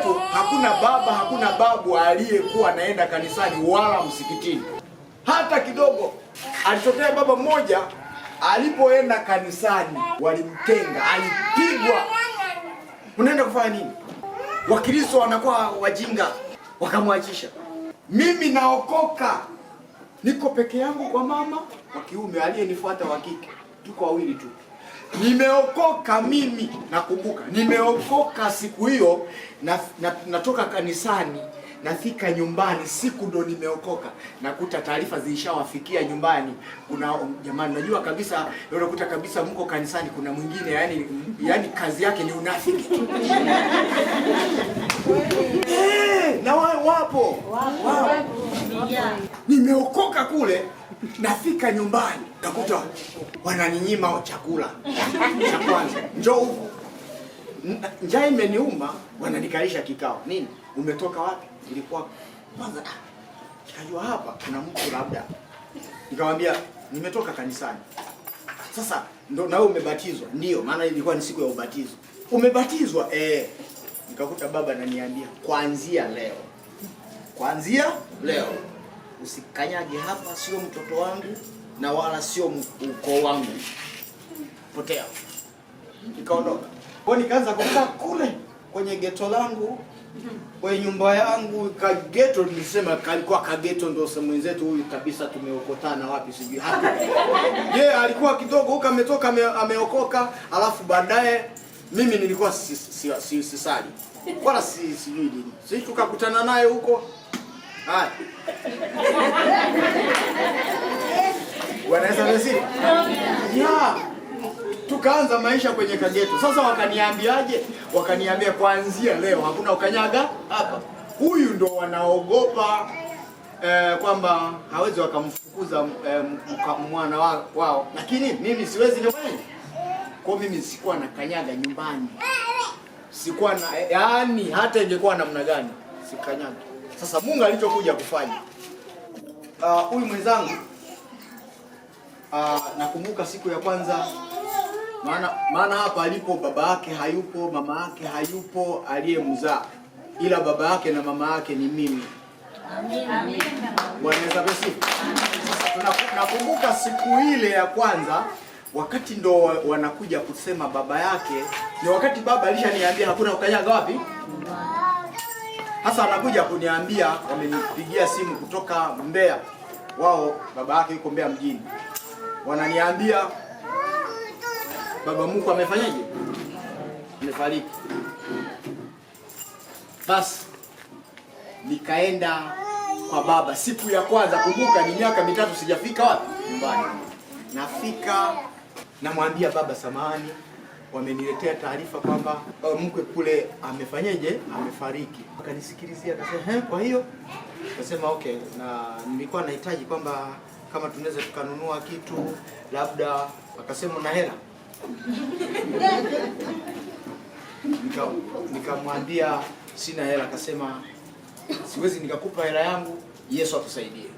yetu hakuna baba, hakuna babu aliyekuwa anaenda kanisani wala msikitini hata kidogo. Alitokea baba mmoja alipoenda kanisani, walimtenga, alipigwa. Unaenda kufanya nini? Wakristo wanakuwa wajinga, wakamwachisha. Mimi naokoka, niko peke yangu kwa mama wa kiume, aliyenifuata wa kike, tuko wawili tu nimeokoka mimi, nakumbuka nimeokoka siku hiyo na, na, natoka kanisani nafika nyumbani, siku ndo nimeokoka, nakuta taarifa zilishawafikia nyumbani. Kuna jamani, najua kabisa, unakuta kabisa mko kanisani, kuna mwingine yani, yani kazi yake ni unafiki eh, na wapo, wapo. wapo. Nimeokoka kule, nafika nyumbani nakuta wananinyima chakula cha kwanza, njoo huku, njaa imeniuma, wananikalisha kikao. Nini, umetoka wapi? Nilikuwa kwanza ah, nikajua hapa kuna mtu labda, nikamwambia nimetoka kanisani. Sasa ndo nawe umebatizwa? Ndio, maana ilikuwa ni siku ya ubatizo. Umebatizwa eh? Nikakuta baba ananiambia kuanzia leo kuanzia leo usikanyage hapa, sio mtoto wangu na wala sio ukoo wangu, potea. Nikaondoka kwa nikaanza kukaa kule kwenye geto langu kwenye nyumba yangu kageto, nilisema kalikuwa kageto, ndio sehemu wenzetu huyu kabisa, tumeokotana wapi sijui hapa. Yeye alikuwa kidogo huko ametoka ameokoka, alafu baadaye mimi nilikuwa sisali si, si, si, si, wala sijui si, nini si tukakutana naye huko Wanaweza vesi Tukaanza maisha kwenye Kagera. Sasa wakaniambiaje? Wakaniambia kuanzia leo hakuna ukanyaga hapa. Huyu ndo wanaogopa eh, kwamba hawezi wakamfukuza eh, mwana wao, Lakini mimi siwezi nifanye. kwao mimi sikuwa na kanyaga nyumbani. Sikuwa na eh, yaani hata ingekuwa namna gani? Sikanyaga. Sasa Mungu alichokuja kufanya ah, huyu uh, mwenzangu uh, nakumbuka siku ya kwanza maana maana hapa alipo baba yake hayupo, mama yake hayupo aliyemzaa, ila baba yake na mama yake ni mimi. Amen. Bwana Yesu siku ile ya kwanza wakati ndo wanakuja kusema baba yake, ni wakati baba alishaniambia hakuna ukanyaga wapi? Hasa wanakuja kuniambia wamenipigia simu kutoka Mbeya, wao baba yake yuko Mbeya mjini, wananiambia baba mkwe amefanyaje, amefariki. Basi nikaenda kwa baba siku ya kwanza, kumbuka ni miaka mitatu sijafika wapi nyumbani, nafika namwambia baba, samahani wameniletea taarifa kwamba oh, mkwe kule amefanyeje, amefariki. Akanisikilizia akasema, eh, kwa hiyo akasema okay, na nilikuwa nahitaji kwamba kama tunaweza tukanunua kitu labda, akasema na hela nikamwambia nika sina hela. Akasema siwezi nikakupa hela yangu, Yesu atusaidie.